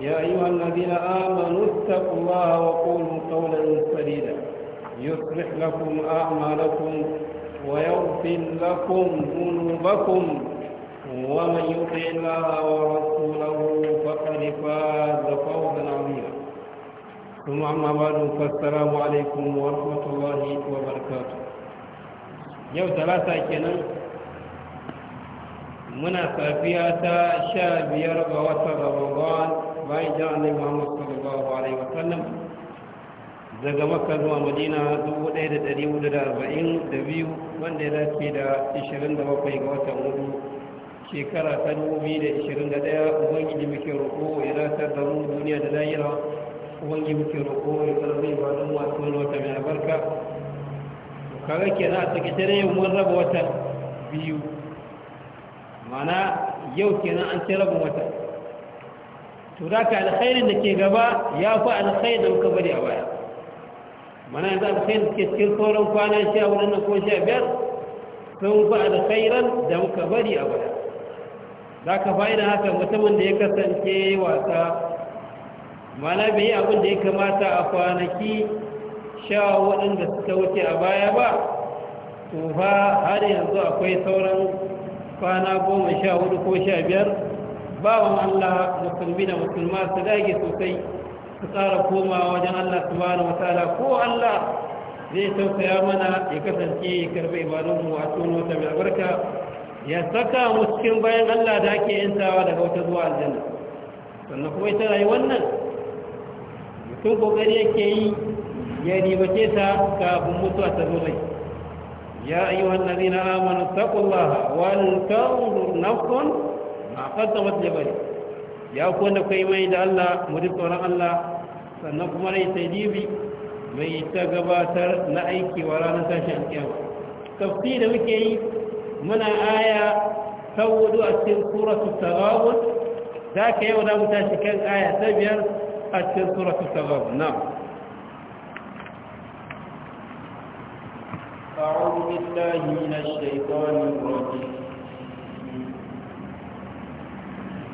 يا أيها الذين آمنوا اتقوا الله وقولوا قولا سديدا يصلح لكم أعمالكم ويغفر لكم ذنوبكم ومن يطع الله ورسوله فقد فاز فوزا عظيما ثم أما بعد فالسلام عليكم ورحمة الله وبركاته يوم ثلاثة كنا muna safiya ta sha biyar ga watan ramadan bayan jan ne muhammad sallallahu alaihi wa sallam daga maka zuwa madina 1442 wanda ya dace da 27 ga watan hudu shekara ta 2021 ubangiji muke roƙo ya dace da mu duniya da lahira ubangiji muke roƙo ya karbi ba don wasu wata mai albarka kaga kenan a tsakitare tare mun raba watan biyu mana yau kenan an ce rabin wata to da ka alkhairin da ke gaba ya fi alkhairin da muka bari a baya mana yanzu alkhairin da ke cikin sauran kwana sha wurin na ko sha biyar sun fi alkhairin da muka bari a baya za ka fa'ida haka mutumin da ya kasance wasa mana bai yi abin da ya kamata a kwanaki sha waɗanda suka wuce a baya ba to fa har yanzu akwai sauran kwana goma sha hudu ko sha biyar bawan allah musulmi da musulma su dage sosai su tsara komawa wajen allah su bani wasala ko allah zai tausaya mana ya kasance ya karbe mu a tono ta mai albarka ya saka muskin bayan allah da ake yantawa daga wata zuwa aljanna sannan kuma ita rayu wannan? mutum kokari yake yi ya ribace ta kafin mutuwa ta zo mai يا أيها الذين آمنوا اتقوا الله ولتنظر نفس ما قدمت لغد يا كون كيمي دا الله مريد الله سنقوم عليه تجيبي mai ta gabatar na aiki wa ranar tashin alkiyama tafsi da muke yi muna aya ta a cikin suratu tagawun za ka yau da mu tashi kan aya ta biyar a cikin بالله من الشيطان الرجيم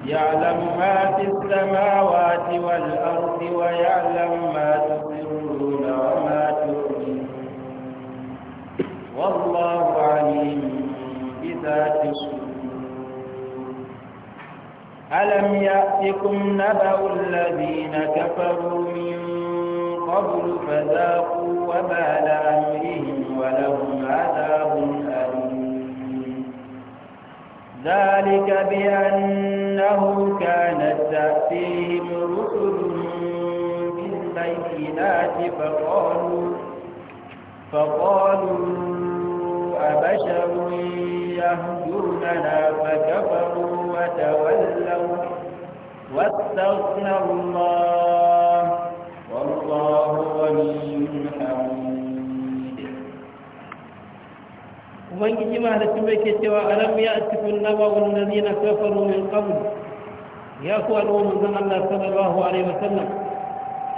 يعلم ما في السماوات والأرض ويعلم ما تسرون وما تؤمنون والله عليم بذات ألم يأتكم نبأ الذين كفروا من قبل فذاقوا وبال أمرهم ولهم عذاب أليم ذلك بأنه كانت تأتيهم رسل بالبينات فقالوا فقالوا أبشر يهدوننا فكفروا وتولوا واستغنى الله والله غني حميد ubangiji da mai ke cewa alam ya cikin naba wallazi na kafaru min qabl ya ku al'ummar zan Allah sallallahu alaihi wasallam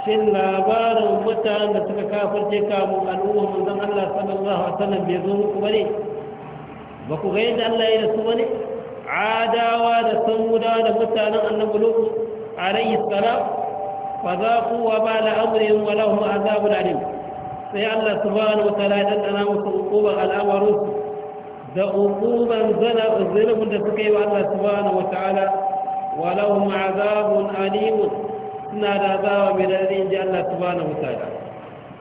shin labarin mutanen da suka kafirce kamun al'ummar zan Allah sallallahu alaihi wasallam bai zo muku bane ba ku ga yadda Allah ya da su bane adawa da samudawa da mutanen annabi lutu alaihi salam fa zaqu wa bala amrihim wa lahum azabun alim sai Allah subhanahu wa ta'ala ya dandana musu hukumar al'amarin da hukuman zunubin da suka yi wa Allah subhanahu wa ta'ala wa lahum azabun alim suna da azaba mai dadin ji Allah subhanahu wa ta'ala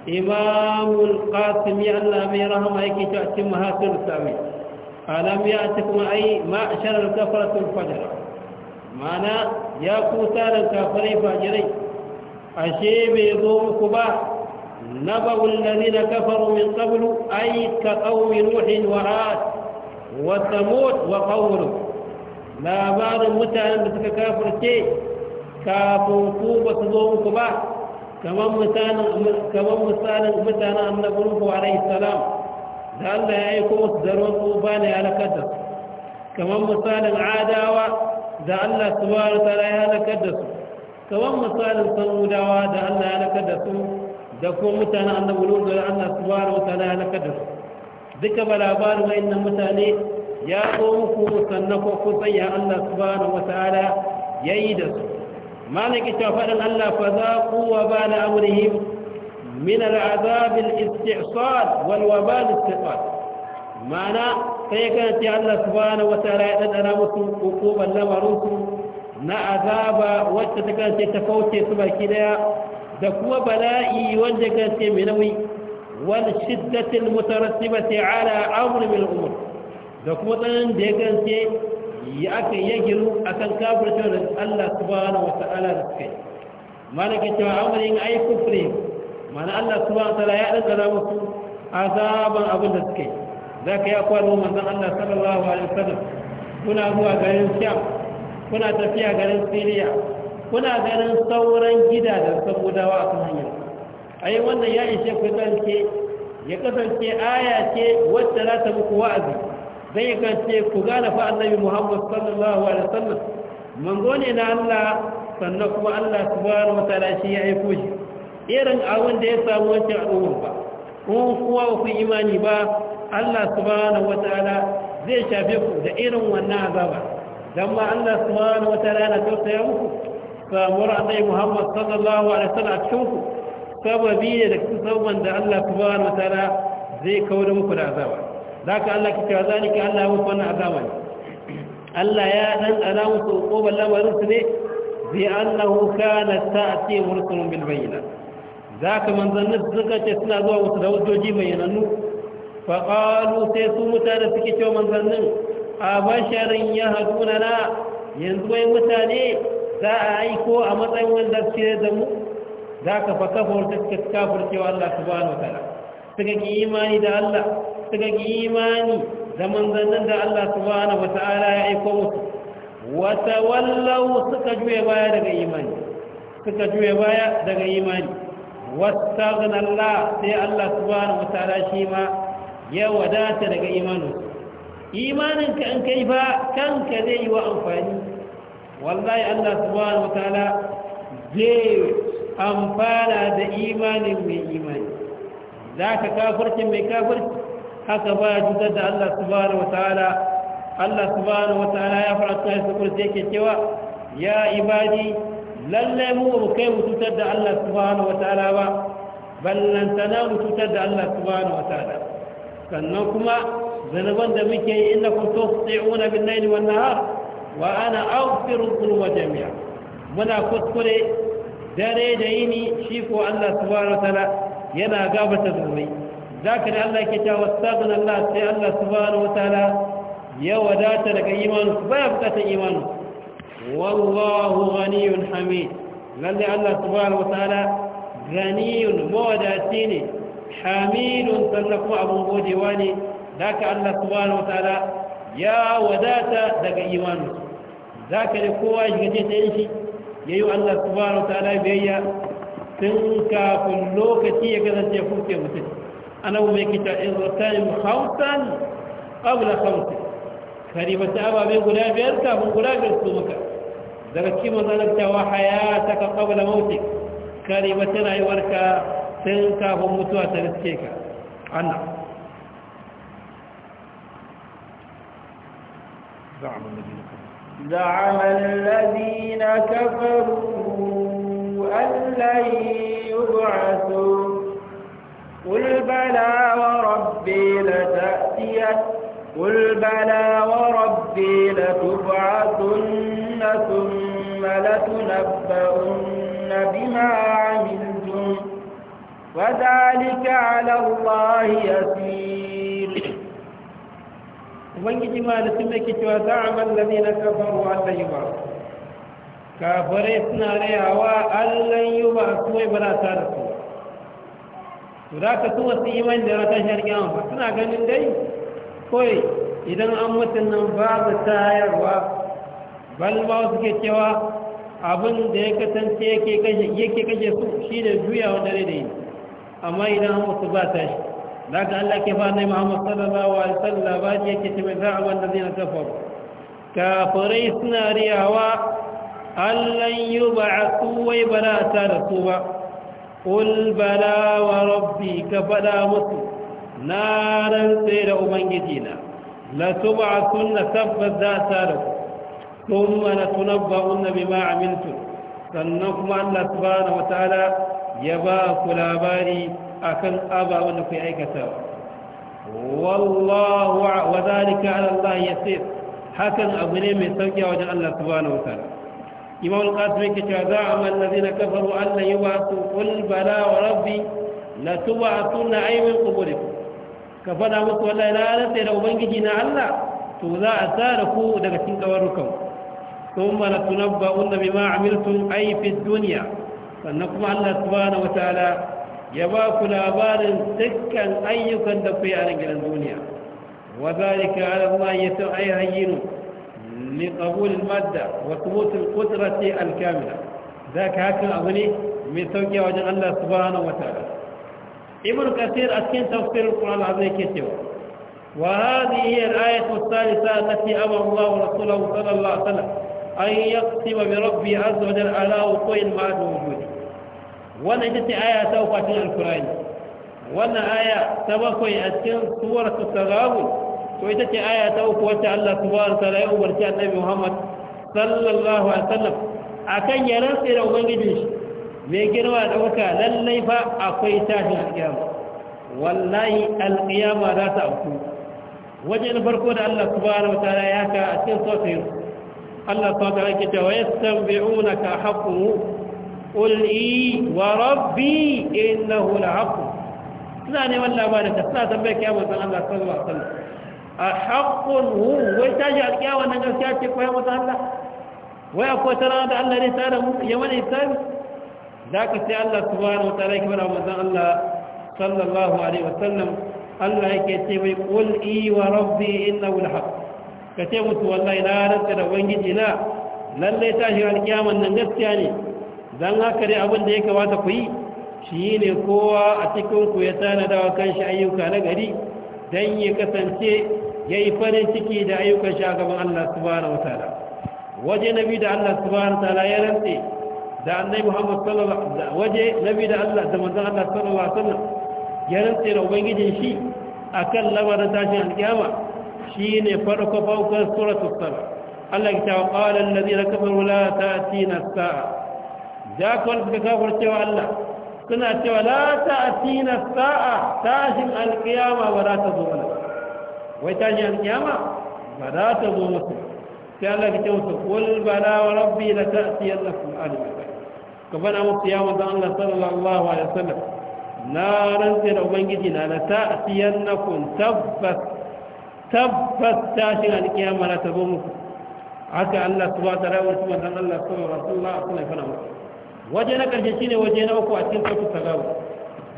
imamul qasimi Allah mai rahama yake cewa cikin mahasir sami alam ya ci kuma ai ma'sharal kafaratul fajr mana ya kusa da kafirai fajirai ashe bai zo muku ba نبأ الذين كفروا من قبل أي كقوم نوح وعاد Wata samud wa qawru labarin mutanen da suka kafirce kafin ku ba su zo muku ba kamar misalin mutanen annabin ku rai salam da Allah ya yi kuma su da ruwan ba ne halakar da su kamar misalin adawa da Allah su da tara ya halakar da su kamar misalin samudawa da Allah ya halakar da su da kuma mutanen annabin ku da Allah su da tara ya halakar da su duka ba labarin wayannan mutane ya zo muku sannan ko kun sanya Allah subhanahu wataala yayi da su malaki ta faɗin Allah fa za ku wa ba na amrihim min al'azab al-istisad wal wabal istisad mana sai kan ce Allah subhanahu wataala ya dadana musu hukuman lamarin su na azaba wacce ta kan ce ta kauce su baki daya da kuma bala'i wanda kan ce mai nauyi والشدة المترتبة على أمر من umur, da kuma tsananin da ya gance ya aka yi giru a kan kafircin da Allah subhanahu wa ta'ala da suke malaka cewa amarin ai kufri mana Allah subhanahu wa ta'ala ya dangana musu azaban abin da suke za ka yi akwado manzon Allah sallallahu alaihi wasallam kuna zuwa garin Sham kuna tafiya garin Syria kuna garin sauran gidajen saboda a kan hanyar ai wannan ya ishe ku zance ya kasance aya ce wacce za ta muku wa'azi zai kasance ku gane fa annabi muhammad sallallahu alaihi wasallam manzo ne na Allah sannan kuma Allah subhanahu wataala shi ya aiko shi irin abin da ya samu wancan al'umma ba kun kuwa ku imani ba Allah subhanahu wataala zai shafe ku da irin wannan azaba dan ma Allah subhanahu wataala yana tausaya muku samuwar annabi muhammad sallallahu alaihi wasallam a cikin ku sababi ne da sabon da Allah subhanahu wataala zai kawo muku da azaba ka Allah ki cewa ka Allah ya muku wannan azaba ne Allah ya dan ana muku koban lamarin su ne bi annahu kana ta'ti rusulun bil Za ka manzannin suka ce suna zuwa wasu da hujjoji mai yanannu fa qalu sai su mutane suke cewa manzannin A ya haɗu na yanzu mai mutane za a aiko a matsayin wanda suke da mu za ka fa kafar ta suka wa Allah subhanahu wa ta'ala suka ki imani da Allah suka ki imani zaman manzannin da Allah subhanahu wa ta'ala ya aiko musu wa wallau suka juye baya daga imani suka juye baya daga imani wastaghna Allah sai Allah subhanahu wa ta'ala shi ma ya wadata daga Imanin ka an kai ba kanka zai yi wa amfani wallahi Allah subhanahu ta'ala zai amfana da imanin mai imani za ka kafarci mai kafarci haka ba ya cutar da Allah subhanahu wataala Allah subhanahu wataala ya fara tsaye su kurce yake cewa ya ibadi lallai mu ba kai mu cutar da Allah subhanahu wataala ba ballantana mu cutar da Allah subhanahu wataala sannan kuma zanaban da muke yi inna kun tusi'una bin laili wan nahar wa ana aghfiru dhunuba jami'a muna kuskure dare da yini shi ko Allah subhanahu wataala yana gabata zulmai zaka da Allah ke cewa wasadan Allah sai Allah subhanahu wataala ya wadata daga imanu baya bukatar imanu wallahu ghaniyun hamid lalle Allah subhanahu wataala ghaniyun mawadati ne hamidun sannan kuma abun godewa ne zaka Allah subhanahu wataala ya wadata daga imanu zaka da kowa shiga ce ta yin shi ya yi allah subhanahu ta'ala biyayya tun kafin lokaci ya kasance furke mutum ana mai kita izratayin hautan ƙabla hautan karibata ababe guda biyar kafin guda biyar su maka daga kima mazalabtawa haya ta ka ƙabla mautik karibata na yi warka tun kafin mutuwa ta riske ka annan زعم الذين كفروا زعم الذين كفروا أن لن يبعثوا قل بلى وربي لتأتين قل بلى وربي لتبعثن ثم لتنبؤن بما عملتم وذلك على الله يسير ubangiji ma da ke cewa na lalina kafaru allah yi ba kafare suna rayawa allah yi ba su mai ba za ta da su za ka tuwa su imani da rata ba suna ganin dai kawai idan an mutum nan ba su tayarwa balma suke cewa abin da ya kasance yake kashe su shi da juyawa dare da yi amma idan an mutu ba ta shi ذاك الله كيف أن محمد صلى الله عليه وسلم باجي كتب ذعب الذين كفروا كافريسنا رياوا ألن يبعثوا ويبلا ترسوا قل بلا وربي كفلا مصر نارا سير أمنجدنا لتبعثن تبت ذات لكم ثم لتنبؤن بما عملتم sannan kuma Allah subhanahu wataala ya ba ku labari akan ababen da kai aikata wallahu wa zalika ala Allah yasir hakan abu ne mai sauki a wajen Allah subhanahu wa ta'ala imam al-qasim yake cewa za a man ladina kafaru an la yubasu qul bala wa rabbi la tubatunna ay min quburikum ka fada musu wallahi na rantsa da ubangiji na Allah to za a tsara ku daga cikin kawarukan ثم لتنبؤن بما عملتم أي في الدنيا فأنكم الله سبحانه وتعالى ya ba ku labarin dukkan ayyukan da ku yi a gidan duniya wa zalika ala Allah ya san ay hayyinu li qabul al madda wa thubut al qudrati al kamila zaka hakan abu ne mai sauki wajen Allah subhanahu wa ta'ala ibn kathir a cikin tafsir al-quran azai ke cewa wa hadhihi hiya al-ayatu ath-thalitha allati amara Allah rasulahu sallallahu alaihi wasallam an yaqsima bi rabbi azza wa jalla ala wuqi al-ma'ad wujudi wannan ita ce aya ta uku cikin alkurani wannan aya ta bakwai a cikin suwar su sarabu to ita ce aya ta uku wacce Allah subhanahu wa ta'ala ya umarci annabi Muhammad sallallahu alaihi wasallam akan ya rantsa da ubangiji shi mai girma da wuka lallai fa akwai tashin alkiyama wallahi alkiyama za ta auku wajen farko da Allah subhanahu wa ta'ala ya ka a cikin sosai Allah subhanahu wa ta'ala ke cewa yastanbi'unaka haqqu قل إي وربي إنه الحق ثاني ولا بارك ثلاثة بيك يا أبو الله صلى الله عليه وسلم أحق هو ويتاجع يا أن نفسك ويا أبو الله ويا أبو ترى الله ليس يوم الإنسان ذاك سي الله سبحانه وتعالى كبر أبو الله صلى الله عليه وسلم الله يكتب قل إي وربي إنه الحق كتبت والله لا رسل وينجد لا لن يتاجع الكاوة أن يعني don haka dai abin da ya kamata ku yi shi ne kowa a cikinku ya tanadawa kanshi ayyuka na gari don ya kasance ya yi farin ciki da ayyukan shi a gaban Allah subhanahu wa ta'ala waje nabi da Allah subhanahu wa ta'ala ya rantse da annabi Muhammad sallallahu alaihi wasallam waje nabi da Allah da manzon Allah sallallahu alaihi wasallam ya rantse da ubangijin shi akan lamarin tashin alkiyama shine farko farkon suratul saba Allah ya ce wa qala alladhina kafaru la ta'tina as-sa'a ذاك وانت كافر تيوى الله كنا تيوى لا تأتينا الساعة تاجم القيامة ولا تظلم لك ويتاجم القيامة ولا تظلم لك تيوى الله تيوى قل بلا وربي لتأتي لكم آل مكان كفنا مقيامة الله صلى الله عليه وسلم لا تيوى ومن جدنا لتأتي لكم تبت تبت تاجم القيامة ولا تظلم لك حتى الله سبحانه وتعالى ورسوله الله سبحانه وتعالى ورسوله الله سبحانه وتعالى waje na ƙarshe shi ne waje na uku a cikin sautu tagawu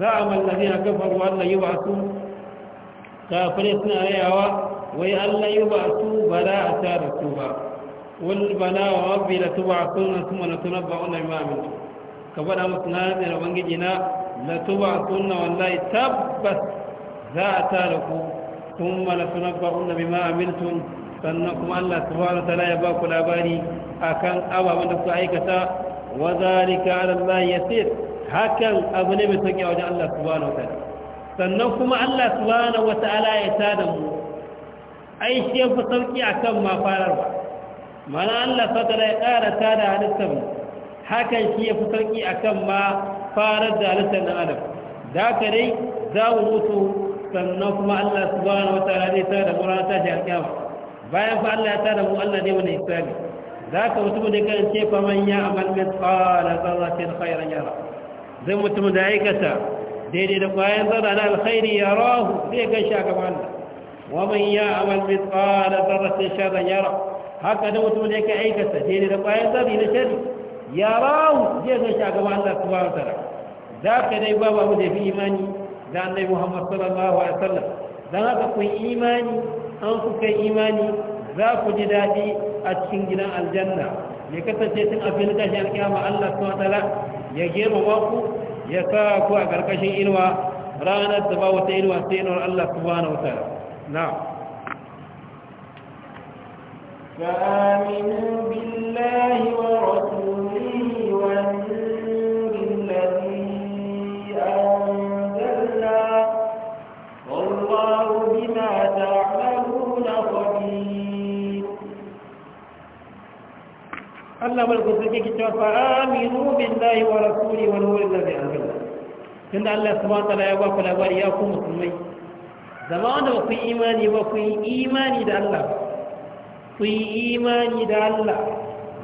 za a mallabi na kafar wa Allah yi ba su kafirai suna rayawa wai Allah yi ba su ba za a ta da su ba wani bana wa rabbi da tuba a sunan su mana tunan ba wannan imamin ka faɗa musu na da ubangiji na la tuba sunna wallahi tabbas za a ta da ku sun mana tunan ba wannan imamin sannan kuma Allah subhanahu wa ta'ala ya ba ku labari akan ababen da ku aikata wa zalika ala Allah yasir hakan abu ne mai sauki a wajen Allah subhanahu wataala sannan kuma Allah subhanahu ta'ala ya tada mu ai shi yafi sauki akan ma farar ba mana Allah fatala ya ƙara tada halittar mu hakan shi yafi sauki akan ma farar da halittar na adam da ka dai za mu mutu sannan kuma Allah subhanahu ta'ala zai tada mu ranar tashi alƙiyama bayan fa Allah ya tada mu Allah ne mana hisabi za ka mutum da kan ce faman ya amal mithqala dharratin khairan yara zai mutum da aikata daidai da kwayan zarra na alkhairi ya rahu zai gan shi a gaban Allah wa man ya amal tsara dharratin sharran yara haka da mutum da ka aikata daidai da kwayan zarra na shari ya rahu zai gan shi a gaban Allah subhanahu wa ta'ala za ka dai babu abu da fi imani da annabi Muhammad sallallahu alaihi wasallam dan haka kun imani an kuka imani za ku ji daɗi a cikin gidan aljanna ya kasance tun a filin tashin alƙiyama Allah su matsala ya gema ku ya sa ku a ƙarƙashin inuwa ranar da ba wata inuwa sai inuwar Allah su ba na na فآمنوا بالله ورسوله Allah malakutake ki cewa fa'aminu billahi wa rasuli wa nurin da zai anzala tunda Allah subhanahu wa ta'ala ya ba ku labari ya ku musulmai zama wanda ba ku yi imani ba ku yi imani da Allah ku yi imani da Allah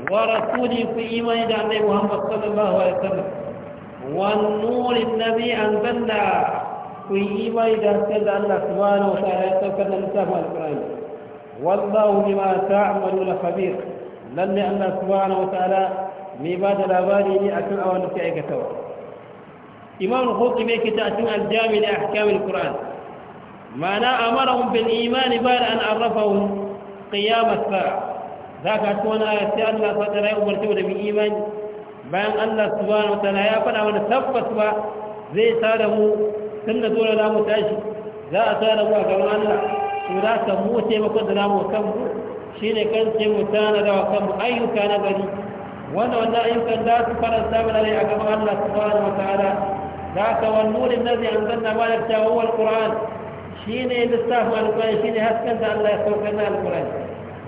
wa rasuli ku yi imani da Annabi Muhammad sallallahu alaihi wasallam wa nurin da zai anzala ku yi imani da Allah subhanahu wa ta'ala ya saukar da littafin alqur'ani wallahu bima ta'maluna khabir lalle Allah subhanahu wa ta'ala mai ba da labari ne akan awan da suke aikatawa imam al-hukmi yake ta cikin al-jami da ahkam al-qur'an ma'ana amarahum bil iman ba'da an arrafahum qiyam as-sa'a zaka ci wani ayat sai Allah ta tsara ya umarce da bi imani bayan Allah subhanahu wa ta'ala ya faɗa wani tabbas ba zai tsara mu tun da dole za mu tashi za a tsara mu a gaban Allah to za ka mu taimakon da za mu shi ne kan ce mutane da wasan ayyuka na gari wanda wanda ayyukan za su fara samun ne a gaba Allah su fara wata ala za ka wani nuri na zai amsar na bada ta wuwa al shi ne da staff al shi ne haskanta Allah ya sauka na al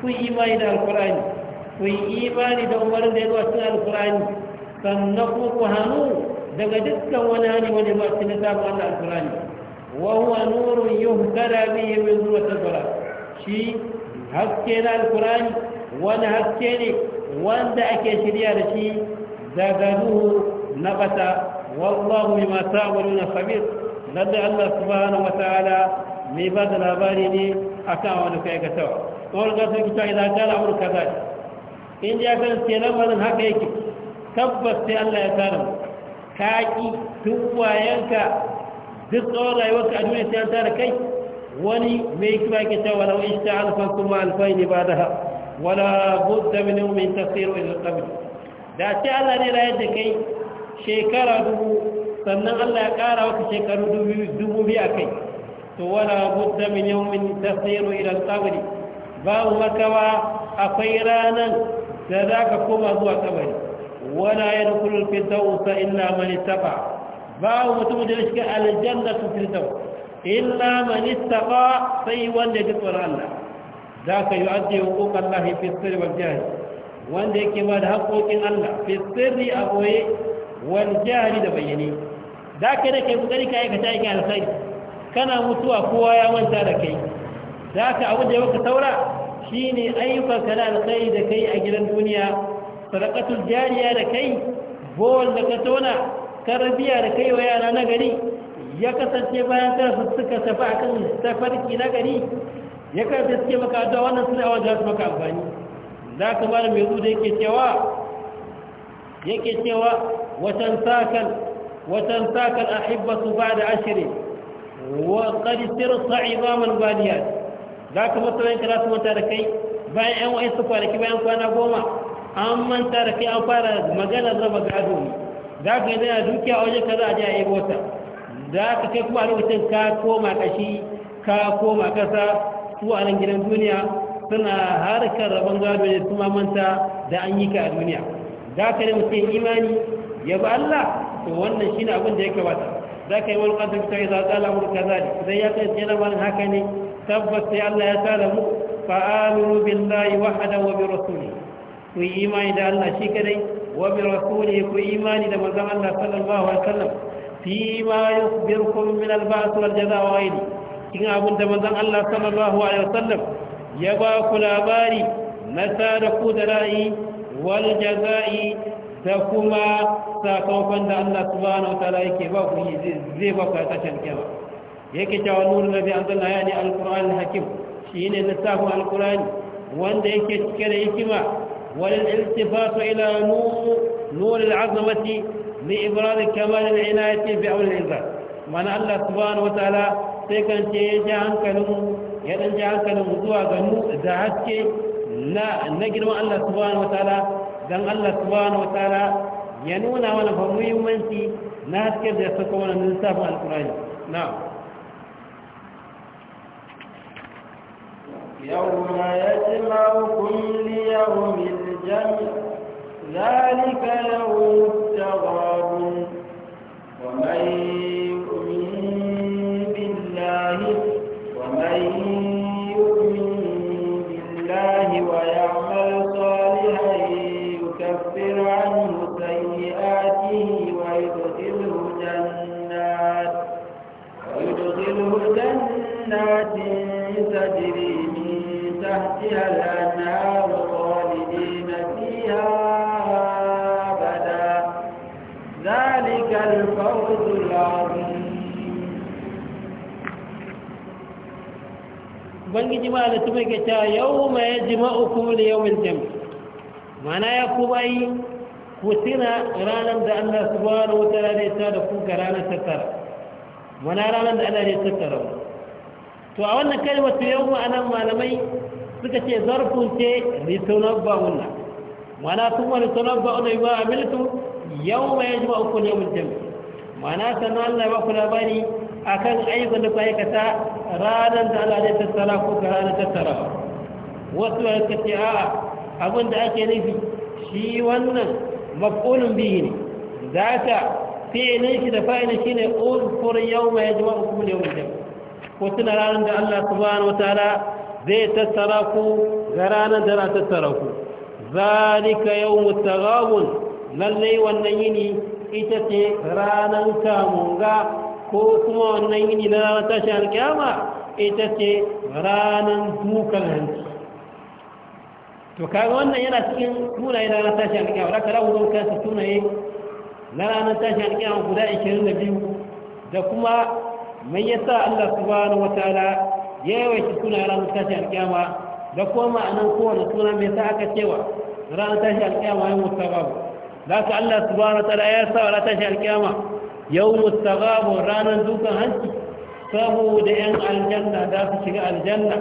ku yi imani da al ku yi imani da umarin da ya zuwa cin al sannan ku ku hannu daga dukkan wani hannu wani zuwa cikin staff al-Quran wa huwa nuru yuhdara bihi min zuwa tazara shi haske na alkurani wani haske ne wanda ake shirya da shi daga duhu na bata wallahu bima ta'maluna khabir lalle Allah subhanahu wa ta'ala mai ba da labari ne a akan wani kai ga tawa kawai ga sai kita idan kana amur kaza in ya kan ce lamarin haka yake tabbas sai Allah ya tsara ka ki duk wayanka duk tsawon rayuwarka a duniya sai an tsara kai wani mai kuma ke cewa wani ishta alfan kuma alfai ne ba da ha wala budda min yawmin tasiru ila al-qabr da ce Allah ne rayar da kai shekara dubu sannan Allah ya kara maka shekaru dubu biyu a kai to wani wala budda min yawmin tasiru ila al ba babu makawa akwai ranan da za ka koma zuwa kabari wani ya dukulu fi dausa illa man ba babu mutum da ya shi aljanna su fi dausa illa man istaqa sai wanda ya tsoron Allah zaka yu'addi huquqan lahi fi sirri wal jahr wanda yake ba da haƙoƙin Allah fi sirri a boye wal jahr da bayyane zaka da kai kokari kai ka tayi alkhairi kana mutuwa kowa ya manta da kai zaka abu da yaka saura shine ayyukan kana alkhairi da kai a gidan duniya sadaqatul jariya da kai bol da ka tona karbiya da kai wa yara na gari ya kasance bayan karfi suka tafi a kan tafarki na gari ya karfi suke maka da wannan suna awon za su maka amfani za ka mara mai zuwa yake cewa yake cewa watan sakan watan sakan a hibbatu ba da ashiri wa ƙarisir sa'izaman baniyar za ka matsayin kira su mata da kai bayan yan wa'in su kwanaki bayan kwana goma an manta da kai an fara maganar raba gado ne za ka yi zai a dukiya a wajen ka za a je a yi wata za ka kai kuma a lokacin ka koma kashi ka koma kasa su a nan gidan duniya suna harkar rabon gado ne kuma manta da an yi ka a duniya za ka ne mutum imani ya ba Allah to wannan shine abin da ya kamata za ka yi wani ƙasar ta ya zaɓa lamur ka ne zai ya kai tsere wani haka ne tabbas sai Allah ya tara mu fa'amuru billahi wahada wa bi rasuli ku yi imani da Allah shi kadai wa bi rasuli ku yi imani da manzon Allah sallallahu alaihi sallam fi ma yukhbirukum min al-ba'th wal jaza wa ghayri abin da manzon Allah sallallahu ya baku labari na sada ku da ra'i wal jaza'i da kuma sakamakon da Allah subhanahu wa ta'ala yake ba ku zai ba ka tashan kiyama yake cewa nurul ladhi anzalna yani al hakim shine lissafin al wanda yake cike da hikima wal iltifatu ila azamati li ibrad kamal al-inayati bi awl al-izza mana Allah subhanahu wa ta'ala sai kan ce ya ji hankalin ya dan ji hankalin zuwa ga mu da haske na na girman Allah subhanahu wa ta'ala dan Allah subhanahu wa ta'ala ya nuna mana fa muhimmanci na haske da saka wannan lissafin alqur'ani na'am يوم يجمعكم ليوم الجمع ذلك له الثواب ومن يؤمن بالله ومن يؤمن بالله ويعمل صالحا يكفر عنه سيئاته ويدخله جنات ويدخله جنات تجري من تحتها الأنهار ubangiji ma da tuba ke cewa yau ma ya jima'u kuma da yau min jam mana ya ku bayi ku tuna ranar da allah subhanahu wa ta'ala ta da ku ga ranar tattara mana ranar da allah ya tattara to a wannan kalmar to yau ma anan malamai suka ce zarfin ce ba wannan mana kuma ba wannan ba amiltu yau ma ya jima'u kuma da yau min jam mana sanu Allah ba ku labari akan ayyukan da ku aikata ranar da Allah zai tattara ko ga ranar tattara wasu da suka ce a'a abin da ake nufi shi wannan maf'ulun bihi ne za ta fi'ilin shi da fa'ina shi ne ulfur yau mai jima hukum da yau ko tuna ranar da Allah subhanahu ta'ala zai tattara ku ga ranar da za tattara ku zalika yawmut taghabun lallai wannan yini ita ce ranar kamunga ko kuma wannan yini na tashi alkyama ita ce ranar dukan hanci to kaga wannan yana cikin sunaye na ranar tashi alkyama da kara wurin kansa sunaye na ranar tashi alkyama guda 22 da kuma mai yasa Allah subhanahu wataala ya yawaita suna ranar tashi alkyama da kuma ma'anar kowane suna mai sa aka cewa ranar tashi alkyama ya mutu babu zaka Allah subhanahu wa ta'ala ya sa wa ta shi alkiyama yawmut hanci saboda yan aljanna da su shiga aljanna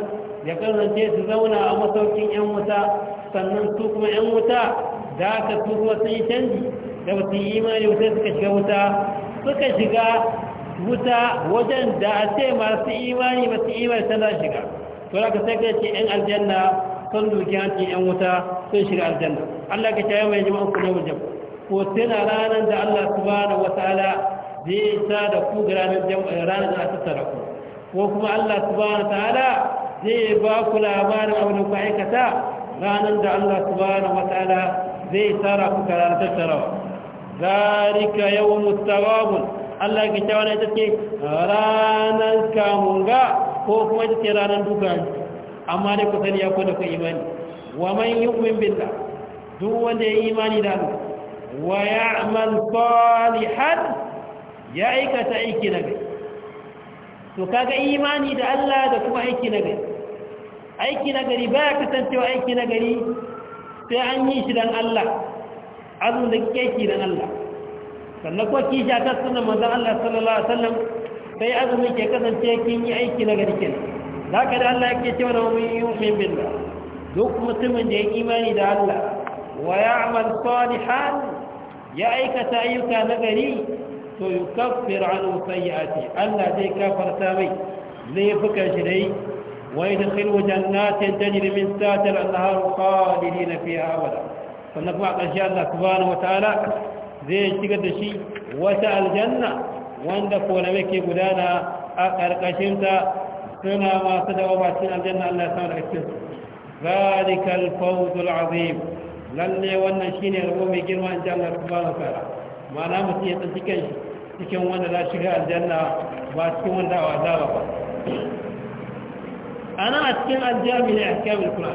ya kasance su zauna a masaukin yan wuta sannan su kuma yan wuta da ka su kuma sun yi canji da ba yi imani wuta suka shiga shiga wuta wajen da a ce masu imani masu imani ta za shiga to da ka sai ka yan aljanna sun duki hanci yan wuta sun shiga aljanna allah ka ta yi mai jama'a kuma ko tana ranar da Allah subhanahu wataala zai sa da ku da ranar eh, ranar da ta tsara ku ko kuma Allah subhanahu wataala zai ba ku labarin abin ku aikata ranar da Allah subhanahu wataala zai da ku da ranar tattarawa zarika yawon tawabun Allah ke cewa ita ce ranar kamunga ko kuma ita ce ranar duka amma dai ku sani ya kwada ku imani wa man yu'min billah duk wanda ya imani da Allah wa ya'mal salihan ya aikata aiki na gari to kaga imani da Allah da kuma aiki na gari aiki na gari baya kasancewa aiki na gari sai an yi shi don Allah azun da kike ki dan Allah sannan ko kisha ja ta sunan manzon Allah sallallahu alaihi wasallam sai azumi ke kasance kin yi aiki na gari kenan zaka da Allah yake cewa mu yu'min billah duk mutumin da ya imani da Allah wa ya'mal salihan ya aikata ayyuka na gari to yi sayi an ce Allah zai kafarta mai zai fuka shi dai wai da khilwa jannatin tajri min tahtiha al-anhar khalidin fiha abada sannan kuma a ƙarshe Allah subhanahu wataala zai shiga da shi wata aljanna wanda kolamai ke gudana a ƙarƙashinta suna masu dawama cikin aljanna Allah ya samu daga cikin zalikal fawzul azim lalle wannan shine rabo mai girma in Allah subhanahu wa ta'ala ma'ana mutum ya tsinci kanshi cikin wanda za shiga aljanna ba cikin wanda a azaba ba A nan a cikin aljami ne a kyamin kuna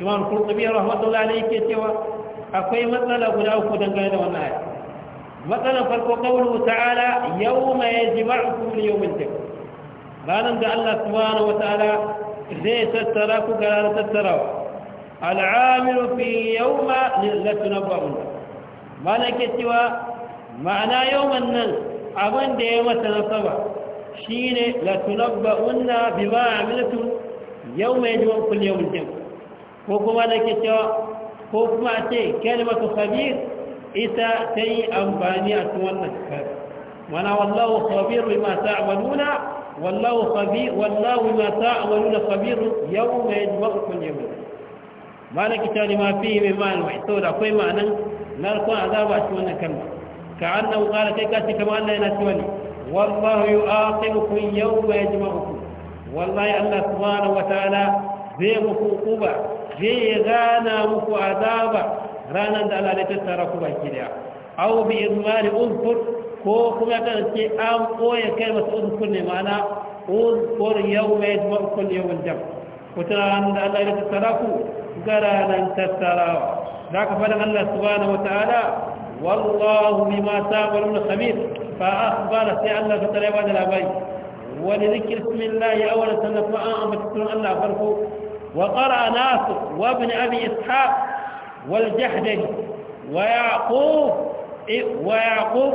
imam kurtubi rahmatullahi alayhi ke cewa akwai matsala guda uku dangane da wannan ayat matsalar farko kawulu ta'ala yawma yajma'ukum yau yawmin taqwa ranar da Allah subhanahu wa ta'ala zai tattara ku ga ranar tattarawa al'amilu fi yawma latunabba'un malaka cewa ma'ana yawman nan abin da ya mata nasaba shine latunabba'unna bima amiltum yawma yajma'u kullu yawmin jam ko kuma nake cewa khabir ita وانا والله خبير بما تعملون والله خبير والله بما تعملون خبير يوم يجمعكم يوم malaki ta ma fi mai ma'an wai da akwai ma'anan narkon azaba shi wannan kalma ka annan kala kai ka ce kamar Allah yana cewa ne wallahu yu'aqibukum yawma yajma'ukum wallahi Allah subhanahu wa ta'ala zai muku kuba zai gana muku azaba ranar da Allah ya tsara ku baki daya au bi izmari uzkur ko kuma kan ce an koya kai masu uzkur ne ma'ana uzkur yawma yajma'ukum yawmal jam' wata ranar da Allah ya tattara ku garanan tattarawa Za ka faɗin Allah subhanahu wa ta'ala wallahu bima ta'maluna khabir fa akhbara sai Allah ta tare da labari wa li dhikri bismillah awwal sanafa an ambatukun Allah farko wa qara'a nas wa ibn abi ishaq wal jahdari wa yaqub wa yaqub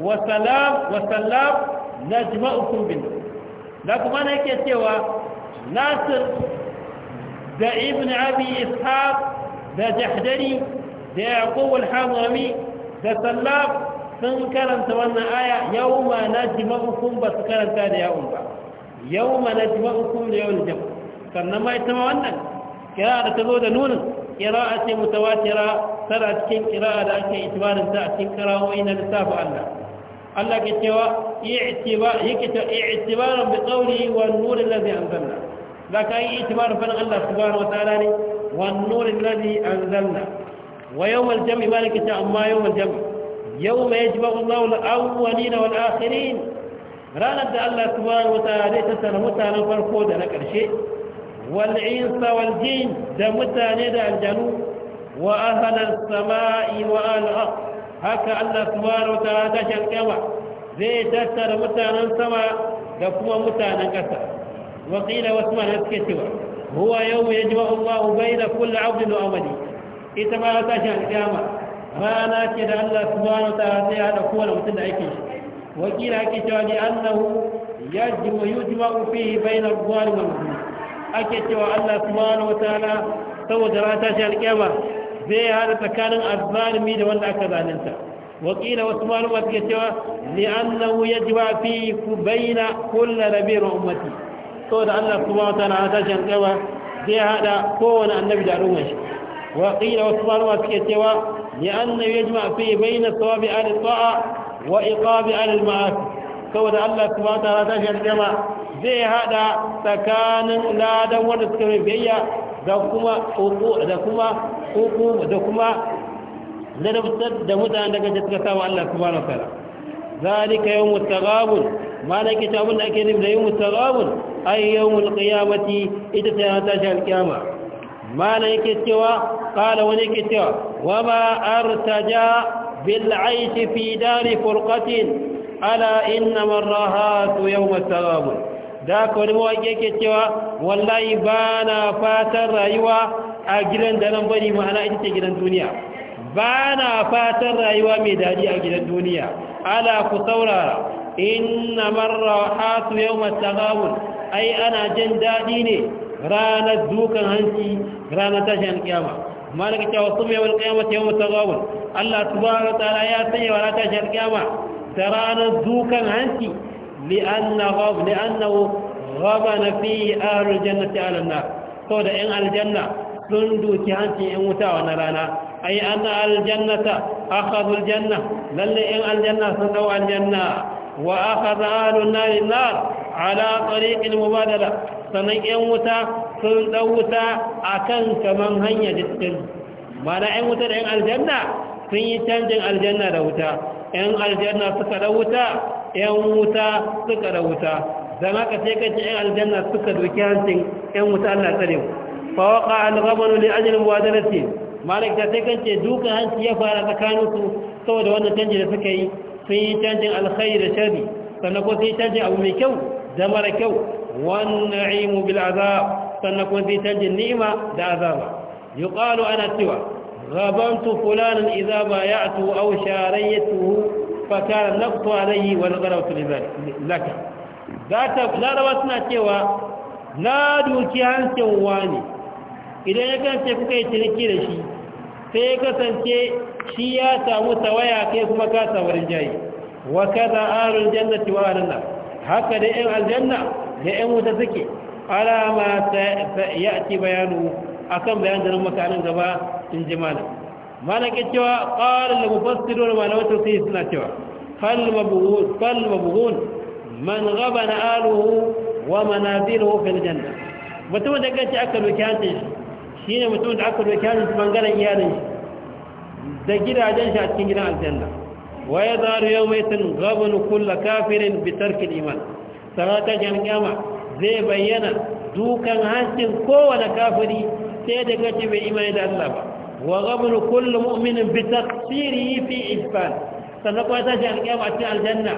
wa salam wa salam najma'ukum bin da kuma ne ke cewa nasir da ibn abi ishaq da jahdari da yaqub al-hamami da sallaf sun karanta wannan aya yawma najma'ukum ba su karanta da yawun ba yawma najma'ukum da yawun jam sannan ma ita ma wannan kira da ta zo da nunin kira'a ce mutawatira tana cikin kira'a da ake itibarin ta a cikin kirawoyi na lissafi Allah Allah ke cewa i'tibaran bi qawli wan nur allazi anzalna za ka yi itibarin fadin Allah subhanahu wa ta'ala ne wan nurin ladhi anzalna wa yawmal jam'i maliki ta amma yawmal jam'i yawma yajma'u Allahu al-awwalina wal akhirin ranar da Allah subhanahu wa ta'ala zai tattara mutanen farko da na karshe wal insa wal jin da mutane da aljanu wa ahlal sama'i wa al-ardh haka Allah subhanahu wa ta'ala ta shakkama zai tattara mutanen sama da kuma mutanen ƙasa وقيل واسمع نسكي سوى هو يوم يجمع الله بين كل عبد وأولي إتما تشاء القيامة رانا كده الله سبحانه وتعالى هذا هو المتن أيكيش وقيل أكيشوا لأنه يجمع يجمع فيه بين الظالم والمظلوم أكيشوا الله سبحانه وتعالى سوى جرانا تشاء القيامة زي هذا تكان الظالمين ولا أكذا ننسى وقيل واسمع نسكي سوى لأنه يجمع فيه بين كل نبي وأمتي saboda Allah subhanahu wataala na tashin kaiwa zai hada kowane annabi da al'ummar shi wa qila wasu malama suke cewa ya annabi yajma fi bayna sawabi ahli ta'a wa iqabi ahli ma'asi saboda Allah subhanahu wataala na tashin kaiwa zai hada tsakanin ladan wanda suka mai biyayya da kuma da kuma hukuma da kuma ladabtar da mutane daga suka sawa Allah subhanahu wataala zalika yawmut taghabun malaki ta abin da ake nufi da yawmut taghabun ay yawmul qiyamati ita ce ran tashi alkiyama mala yake cewa kala wani yake cewa wa ma artaja bil aish fi dari furqatin ala inna marahatu yawma tagab da aka wani mawaki yake cewa wallahi bana fatan rayuwa a gidan da nan bari ma'ana ita ce gidan duniya bana fatan rayuwa mai daɗi a gidan duniya ala ku saurara innamar rahatu yawmat tagabun ai ana jin daɗi ne ranar dukan hanci ranar tashin alkiyama malaka cewa sumi yawal qiyamati yawmat tagabun Allah subhanahu wa ta'ala ya sanya wa tashin alkiyama da ranar dukan hanci li'annahu gaba na fi janna ta 'ala an-nar da in aljanna sun duki hancin in wuta wani rana ay anna aljannata akhadhu janna. lalle yan aljanna sun dau aljanna wa akaza alu nai na ala tori ilu mu ba da yan wuta sun dan wuta a kan kaman hanya jikin ba na yan wuta da yan aljanna sun yi canjin aljanna da wuta yan aljanna suka da wuta yan wuta suka da wuta zan haka sai kai yan aljanna suka doki hancin yan wuta Allah ya tsare fa waqa al ghamru li ajli mubadalati malik da sai kai duka hanci ya fara tsakaninku saboda wannan canjin da suka yi sun yi canjin alkhairi da shari sannan kuma sun yi canjin abu mai kyau da mara kyau wannan imu bil azab sannan kuma sun yi canjin ni'ima da azaba yuqalu ana cewa gaban Izaba ghabantu fulanan idza bay'atu aw sharaytuhu fa kana naqtu yi wani nadaratu laka zata larawa suna cewa na duki hancin wani idan ya kance kuka yi ciniki da shi sai ya kasance shi ya samu tawaya ke kuma ka samu rinjaye wa kaza janna ci wa alanna haka da yan aljanna da yan wuta suke ala ma ci bayanu akan bayan da maka nan gaba in ji malam Mana ke cewa qala al mufassirun wata tafsir suna cewa fal buhun man gaba na aluhu wa manaziluhu fil janna mutum da gaci aka doki hancin shi shi ne mutum da aka doki hannun bangaren iyalin shi da gidajen shi a cikin gidan aljanna wa za a yau mai sun gabanu kulla kafirin bitar iman sarata jan gama zai bayyana dukan hancin kowane kafiri sai da gaci bai imani da allah ba wa gabanu kulla mu'minin bitar yi fi ispan sannan kuma ta shi a cikin aljanna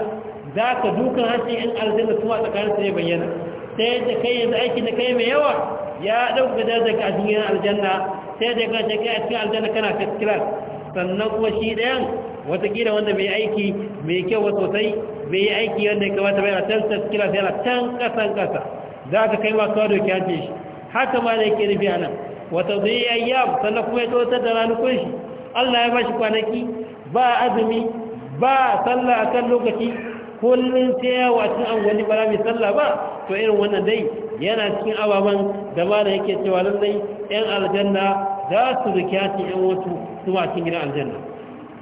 za ka dukan hancin yan aljanna a tsakanin sai bayyana Sai da kai yanzu aiki da kai mai yawa ya dauka darajar daga a cikin aljanna sai da kai kai a cikin aljanna kana kaskirar sannan kuma shi ɗayan watakila wanda mai aiki mai kyau sosai bai yi aiki wanda ya kamata bai a can sai can kasan kasa za ka kai ma kawo doki hanci shi haka ma da yake rufi a nan wata zai yi ayyam sannan kuma ya tsotar da ranakun shi allah ya bashi kwanaki ba azumi ba sallah a kan lokaci kullum sai ya a cikin angwani ba mai sallah ba to irin wannan dai yana cikin ababen da ma da yake cewa lallai yan aljanna za su rikya yan wasu zuwa cikin gidan aljanna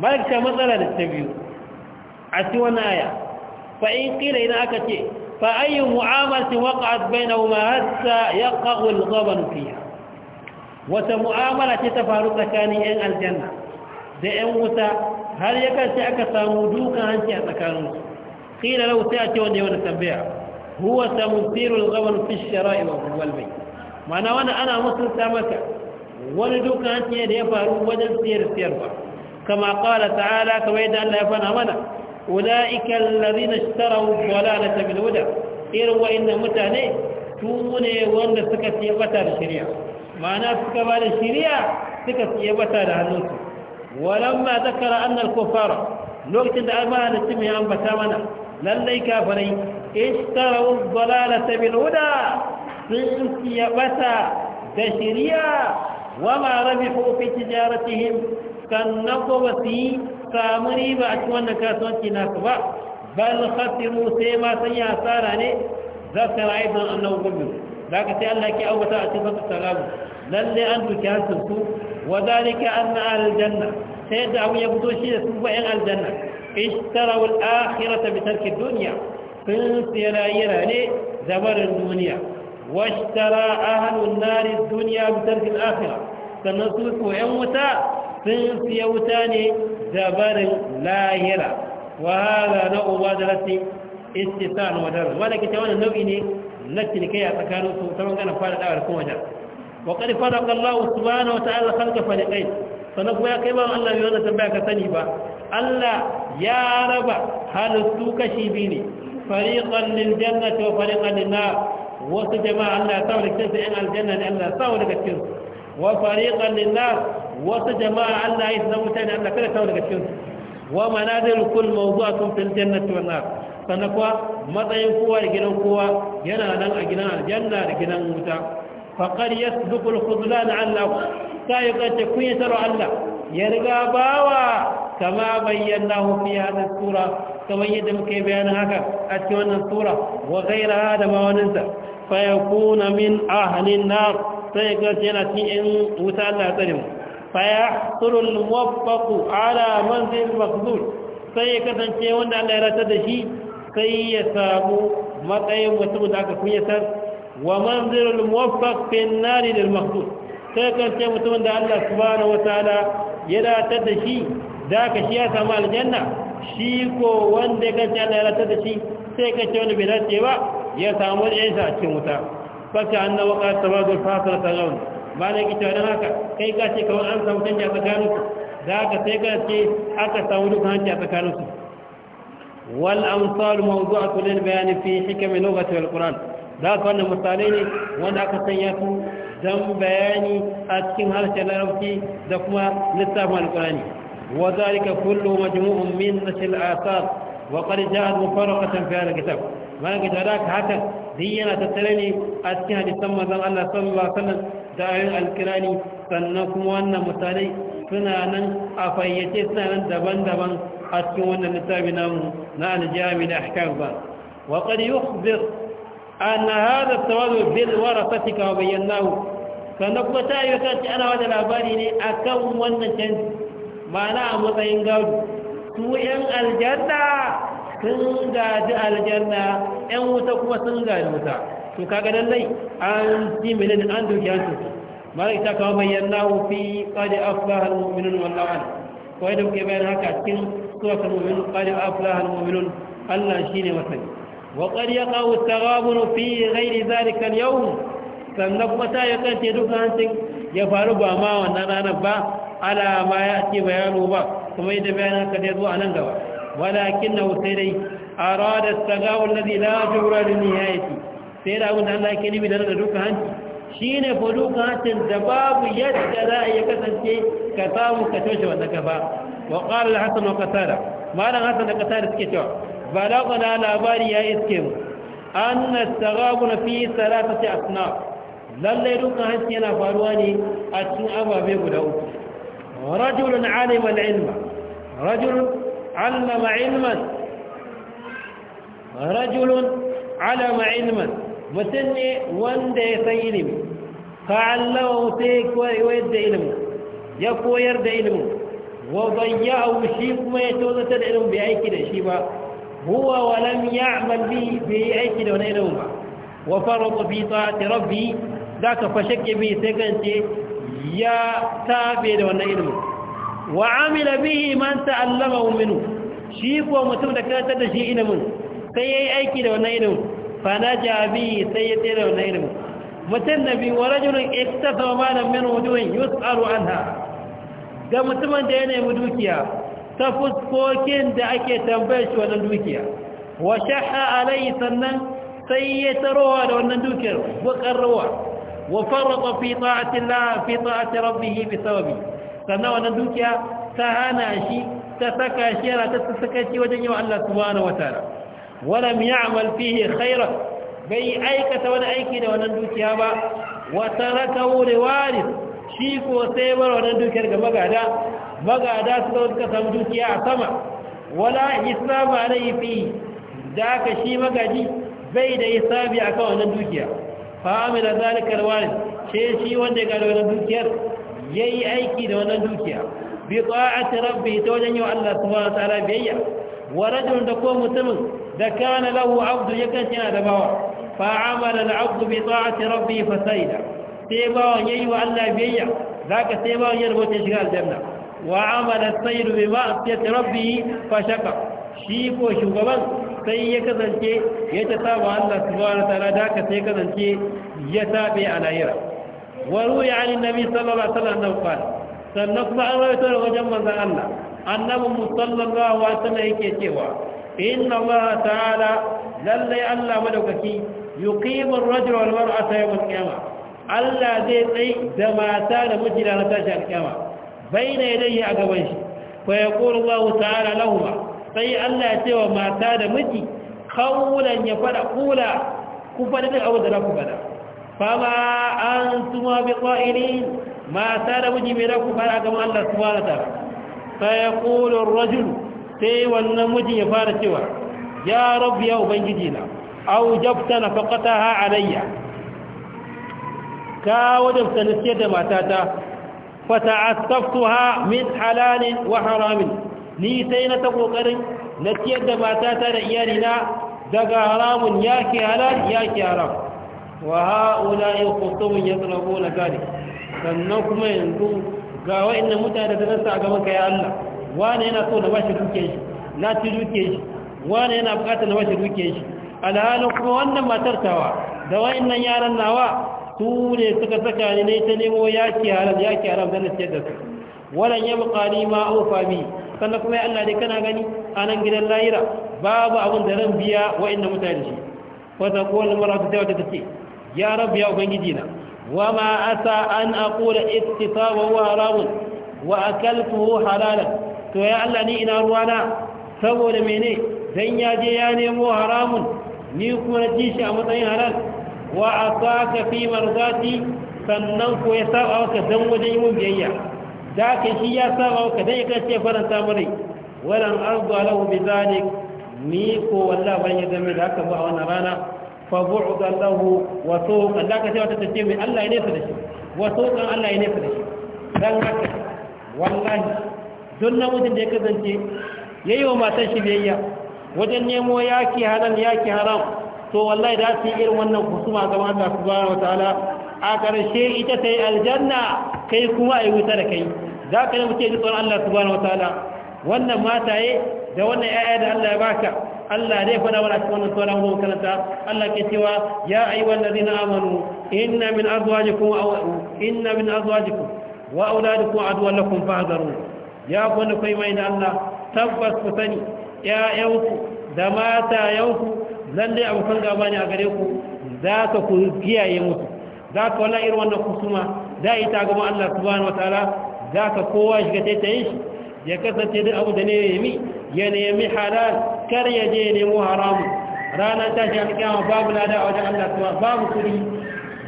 malaka matsala da ta biyu a ci wannan aya fa in qila idan aka ce fa ayyu mu'amalatin waqa'at bainahuma hatta yaqa'u al-ghaban fiha wata mu'amala ce ta faru tsakanin yan aljanna da yan wuta har ya kace aka samu dukan hanci a tsakaninsu qila law sai a ce wanda ya wani tambaya huwa tamthirul ghawan fi shara'i wa wal bay mana wani ana mutunta maka wani dukan ne da ya faru wajen siyar siyarwa kama qala ta'ala kamar yadda Allah ya fana mana ulaika alladhina ishtaraw dalalata bil huda irin wa'annan mutane su wanda suka siya bata da shari'a Mana suka ba da shari'a suka siya bata da hannunsu walamma zakara annal kufara lokacin da almahalici an ambata mana lallai kafirai ishtarau dalalata bil huda sun siya bata da shirya wa ma rabihu fi tijaratihim sannan ko ba su yi samu riba a cikin wannan kasuwanci nasu ba bal khasiru sai ma sun yi asara ne zakar aidan annahu gudu ka sai Allah ki aubata a cikin salamu Lallai an duki hasin su wa zalika anna aljanna sai da abu ya fito shi da su ba yan aljanna ishtarau al-akhirata bi tarki dunya sun yana yana ne da barin duniya washtara ahlun nari dunya bi tarki al-akhirah sannan su ko yan wuta sun siya wuta ne zabarin lahira wa hada na uba da lati istisan wa dar wanda kike wannan nau'i ne lati ne kai a tsakanin su ta mangana fara dawar kuma da wa qad fadaka Allah subhanahu wa ta'ala khalqa falaqain sannan kuma ya kai ba Allah ya wanda tambaya ka sani ba Allah ya raba halittu kashi biyu ne fariqan lil jannati wa fariqan lin nar wasu jama'a Allah ya samu daga cikin yan aljanna ne Allah ya samu daga cikin su, wa fariqan lin nar wasu jama'a Allah ya samu mutane Allah kada samu daga cikin su, wa manazil kull mawdu'atun fil jannati wan nar sannan kuma matsayin kowa da gidan kowa yana nan a gidan aljanna da gidan wuta faƙar ya su dukul kuzula na Allah ta yi ƙarce kun yi taro Allah ya riga bawa kama na hufi ya hannun tura kamar yadda muka bayan bayanin haka a cikin wannan tura wa gaira da mawaninsa Faya kuna min ahalin na sai ya ƙarce yana cikin wuta Allah tsari mu فيحصل الموفق على منزل makzul sai ya kasance wanda Allah ya ratar da shi sai ya samu matsayin mutum da aka kunyatar wa manzilul muwaffaq fin nari lil mahdud sai kan ce mutumin da Allah subhanahu wataala ya datar da shi zaka shi ya samu aljanna shi ko wanda ka ce Allah ya da shi sai ka ce wani bai dace ba ya samu aljanna a cikin wuta faka annahu qad tabadul fasara tagawun ne ki tawadan haka kai ka ce kawai an samu canja tsakaninku Da ka sai ka ce aka samu duk hanci a tsakaninku والأمثال موضوعة للبيان في حكم لغة القرآن za ka wannan misalai ne wanda aka sanya su don bayani a cikin harshen larabci da kuma littafin alkurani wa zalika kullu majmu'un min nashil asar wa qad ja'at mufarraqatan fi hadha kitab malaka jaraka haka duk yana tattare ne a cikin hadisan manzon Allah sallallahu alaihi wasallam da ayoyin alkurani sannan kuma wannan misalai suna nan a fayyace suna nan daban-daban a cikin wannan littafi namu na aljami da ahkam ba wa qad yukhbir أن هذا التواضع yi كما بيناه ana تايو labari ne akan wannan ني mana a matsayin gado. Su سوء aljanna sun gaji aljanna ‘yan wuta kuma sun gaji wuta to kaga nan dai an ji milin an dukiya su mara ta kawo bayyana wufi ƙadi aflahar mu'minun wallawan kawai da muke bayan haka cikin suwa kan mu'minun ƙadi mu'minun allah shi ne وقد يقع التغابن في غير ذلك اليوم sannan kuma ta ya kance hancin ya faru ba ma wannan ranar ba ala ma ya ce bayano ba kuma yadda bayan haka da zo a nan gaba walakin na wuce dai a rawa da tagawon na zila jura da nihayati sai da abin da Allah ke nufi da da duka hanci shi ne fa duka hancin da babu yadda za a iya kasance ka samu ka malam da suke cewa Ba balagana labari ya iske mu anna tagabuna fi salatati asnaf lallai dukkan hanci yana faruwa ne a cikin ababe guda uku rajulun alima al-ilma rajulun allama ilman rajulun alama ilman mutum ne wanda ya san ilimi ka allama sai koyar da ilimi ya koyar da ilimi wa bayyahu shi kuma ya tozata da ilimi bai aiki da shi ba huwa wa lam ya'mal bi bai aiki da wani irin ba wa farata fi ta'ati rabbi zaka fa shakke bi sai kance ya tabe da wannan ilimi wa amila bihi man ta'allamahu minhu shi ko mutum da karatar da shi ilimin sai yayi aiki da wani ilimin fa naja bi sai ya da wani ilimin mutum nabi wa rajulun iktafa malan min wujuhin yus'alu anha ga mutumin da ya nemi dukiya ta fuskokin da ake tambayar shi wannan dukiya wa shaha alai sannan sai ya tarowa da wannan dukiyar bukar rawa wa farqa fi ta'ati Allah fi ta'ati rabbih bi sababi sannan wannan dukiya ta hana shi ta saka shi yana ta sakaci wajen yawa Allah subhanahu wataala wala ya'mal fihi khairan bai aikata wani aiki da wannan dukiya ba wa tarakahu liwaris shi ko sai bar wannan dukiyar ga magada magada su suka samu dukiya a sama wala islamu alaihi fi da aka shi magaji bai da hisabi kan wannan dukiya fa amila zalika alwalid ce shi wanda ya gada wannan dukiyar Ya yi aiki da wannan dukiya bi ta'ati rabbi ta wajen yau Allah subhanahu wa ta'ala biyayya wa rajulun da ko mutumin da kana lahu abdu yakan yana da bawa fa amala al-abdu bi ta'ati rabbi fa sayda sai ya yi wa Allah biyayya Za ka sai bawa ya rubuta shiga aljanna وعمل السيد fa shaka. Shi ko shugaban sai ya kasance ya ta saba Allah subhanahu wataala da haka sai kasance ya tabe a lahira wa ruya an nabi sallallahu alaihi wasallam sannan kuma an rawaito da wajen manzon Allah annabi musallallahu alaihi wasallam yake cewa inna Allah ta'ala lallai Allah madaukaki yuqimu ar-rajula wal mar'ata yawm al-qiyamah Allah zai tsai da mata da mijina na tashi al-qiyamah baina yadayhi a gaban shi fa yaqulu Allah ta'ala lahuma sai Allah ya ce wa mata da miji kawulan ya fada kula ku fada duk abu da ku fada fama antuma biqa'ilin mata da miji me da ku fada gaban Allah subhanahu wa ta'ala fa yaqulu ar-rajul sai wannan miji ya fara cewa ya rabbi ya ubangiji na na aujabta nafaqataha alayya ka wajen wajabta nasiyar da matata fata'assaftuha min halalin wa haramin ni sai na ta kokarin na ciyar da matata da iyali na, daga haramun yake halal yake haram wa ha'ula'i qutumun yatlabuna zalik sannan kuma yanzu ga wa'annan mutane da nasa a gaban ka ya Allah wani yana so na bashi duke shi na ci duke shi wani yana bukatar na bashi duke shi alhalin kuma wannan matar tawa da wa'annan yaran nawa su ne suka saka ni ne ta nemo yaki haram yaki haram dan da su Wannan ya ni ma ofa bi sannan kuma ya Allah dai kana gani anan gidan lahira babu abin da ran biya inda mutane shi fa ta qul maratu ta ta ce ya rabbi ya ubangiji na wa ma asa an aqula ittisaba wa haramun wa akaltuhu halalan to ya Allah ni ina ruwa na? saboda mene dan ya je ya nemo haramun ni kuma na ci shi a matsayin halal wa aka fi marzati sannan ko ya saba maka dan wajen mun biyayya da ka shi ya saba waka don ya kace faranta mare walan arzu alahu bi zalik ni ko wallahi ban ya zame da haka ba a wannan rana fa bu'da lahu wa suq Allah ka ce wata tace mai Allah ya fa da shi wa suqan Allah ya fa da shi dan haka wallahi don namijin da ya kasance yayi wa matar shi biyayya wajen nemo yaki halal yaki haram to wallahi da su yi irin wannan kusuma ga ba subhanahu wataala a ƙarshe ita ta yi aljanna kai kuma a yi wuta da kai za ka yi mutum ji tsoron Allah subhanahu wataala wannan mataye da wannan yaya da Allah ya baka Allah zai faɗa wa cikin wannan tsoron mu karanta Allah ke cewa ya ayyuhal na amanu inna min azwajikum aw inna min azwajikum wa auladikum aduwwan lakum fahdharu ya kunna kai mai da Allah tabbas ku sani ƴaƴanku da matayanku nan dai abokan gaba ne a gare ku za ka ku giyaye musu za ka wala irin wannan kusuma za a yi ta gaban Allah subhanahu wataala za ka kowa shiga yi shi ya kasance duk abu da ne ya nemi ya nemi halal kar ya je ya nemo haramu ranar tashi a kiyama babu lada a wajen Allah subhanahu babu kudi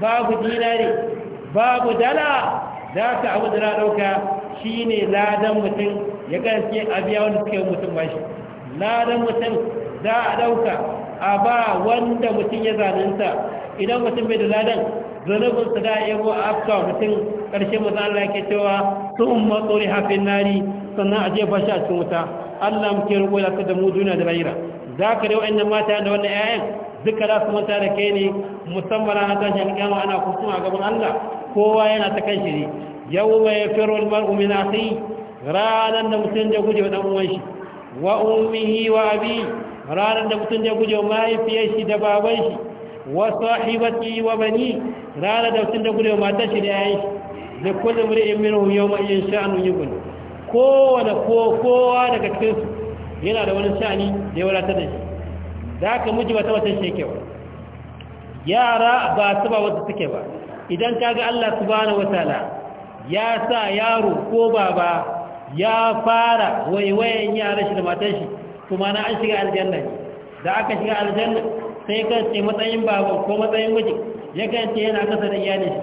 babu dinari babu dala za ka abu da na ɗauka shi ne ladan mutum ya kasance a biya wani suke mutum ba shi ladan mutum za a ɗauka a ba wanda mutum ya zanenta idan mutum bai da ladan zanubin su da ya yabo a afka mutum ƙarshe maza Allah yake cewa sun matsori hafin nari sannan a jefa shi a cikin wuta Allah muke roƙo da da mu duniya da raira za ka dai wa'annan mata da wannan 'ya'yan duka za su manta da kai ne musamman ana tashi kyanwa ana kusuma a gaban Allah kowa yana ta kan shi ne yau mai firar mar'umin ranar da mutum ya guje wa ɗan uwan shi wa umihi wa abi ranar da mutum ya guje wa shi da baban shi wa sahibati wa bani ranar da mutum ya guje matar shi da yayin shi da kullum imin yau yawma in sha'anu yugun kowane ko kowa daga cikin su yana da wani sha'ani da ya wadatar da shi da haka miji ba ta wata ba. yara ba su ba wata suke ba idan ka ga Allah subhanahu wataala ya sa yaro ko baba ya fara waiwayen yaran shi da matar shi to na an shiga aljanna ne da aka shiga aljanna sai ka ce matsayin babu ko matsayin miji ya kan ce yana kasa da iyali shi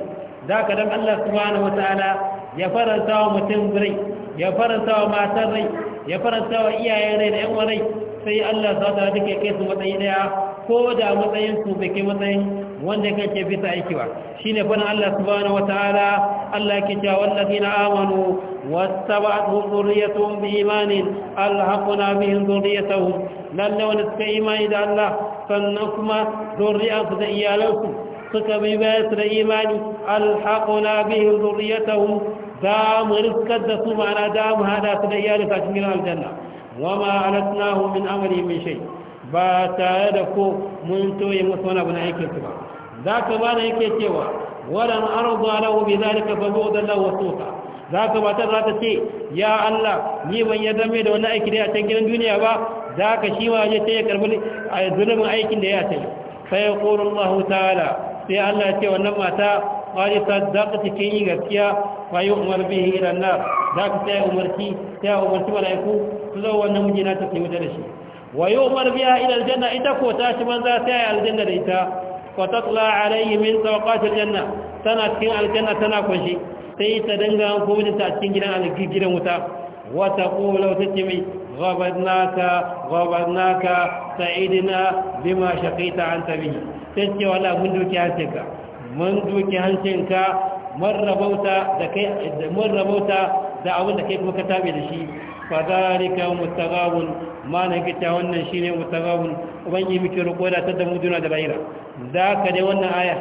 da ka dan Allah subhanahu wataala ya faranta wa mutum rai ya faranta wa matar rai ya faranta wa iyayen rai da yan rai sai Allah subhanahu wataala take kai su matsayi daya ko da matsayin su bai kai matsayin wanda kake bisa aikiwa shine fa Allah subhanahu wataala Allah yake cewa wallazina amanu wattaba'atuhum dhurriyyatuhum biimanin alhaqna bihim dhurriyyatuhum lalle wanda suka imani da Allah sannan kuma dhurriyyatu da iyalansu suka bi ba su da imani alhaqna bihim dhurriyyatuhum da mu riskar da su ma'ana da mu hada su da iyalansu a cikin aljanna wama alatnahu min amri min shay' ba tare da ko mun toye musu wani abu na su ba za ka ba da yake cewa waɗanda an rubuwa lahu bi zalika fa bu'dan lahu wasuta za ka ba ta ta ce ya Allah ni ban yarda zame da wani aiki da ya can gidan duniya ba za ka shi wa ya ce ya karbi zunubin aikin da ya ta yi sai ya ƙorin mahu ta'ala sai Allah ya ce wannan mata ƙwari ta za ka cikin yi gaskiya kwayo umar bihi ilan na za ka sai umarci sai umarci mala'iku su zo wannan mijina ta sai da shi wa yu'mar biha ila aljanna ita ko ta ci banza sai ya aljanna da ita fa tatla alayhi min sawqat aljanna tana cikin aljanna tana kunshi sai ta danga gobe ta cikin gidan aljanna gidan wuta wa taqulu tatimi ghabadnaka ghabadnaka sa'idna bima shaqita an tabihi sai ce wala mun doki hancinka mun doki hancinka mun rabauta da kai mun rabauta da abin da kai kuma ka tabe da shi fa zalika mustaghabun mana yake gita wannan shine mutagabun ubangi muke roƙo da ta da mu da bayira Za ka dai wannan aya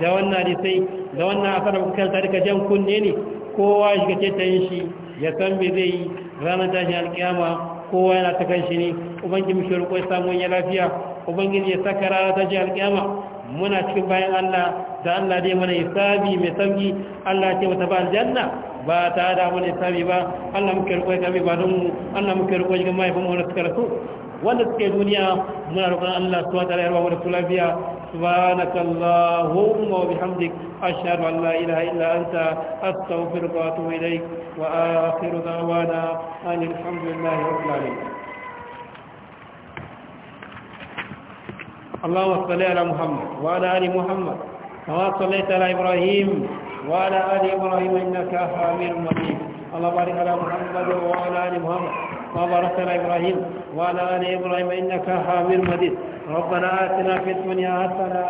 da wannan hadisi da wannan asar kan ta duka jan kunne ne kowa shi kace ta yin shi ya san me zai yi ranar tashin alkiyama kowa yana ta kan shi ne ubangi muke roƙo ya samu ya lafiya ubangi ya saka ranar tashin alkiyama muna cikin bayan Allah da Allah dai mana hisabi mai sauki Allah ya ce mata ba aljanna ba ta da mu ne sami ba Allah muke roƙo ya karbi ba don mu Allah muke roƙo ya ga mahaifin mu na suka rasu wanda suke duniya muna roƙon Allah subhanahu wa ta'ala ya rabu da lafiya subhanakallahumma wa bihamdik ashhadu an la ilaha illa anta astaghfiruka wa atubu ilaik wa akhiru da'wana alhamdulillahi rabbil alamin اللهم صل على محمد وعلى ال محمد كما صليت على ابراهيم وعلى آل إبراهيم إنك حميد مجيد اللهم بارك على محمد وعلى آل محمد بارك على إبراهيم وعلى آل إبراهيم إنك حميد مجيد ربنا آتنا في الدنيا حسنة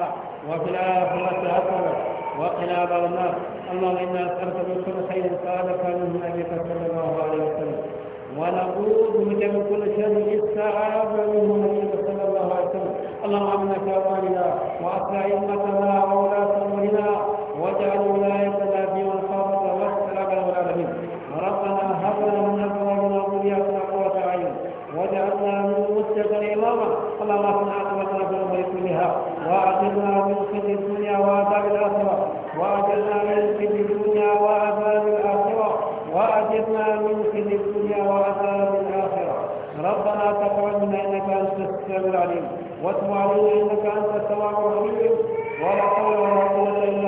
وفي الآخرة حسنة وقنا عذاب النار اللهم إنا نسألك من كل خير سألك منه نبيك صلى الله عليه وسلم ونعوذ بك من كل شر استعاذ منه نبيك صلى الله عليه وسلم اللهم امنا يا اواننا واصلح امتنا وولاة امرنا واجعل العليم واتب عليه انك انت السماع الرحيم ولا حول ولا قوه الا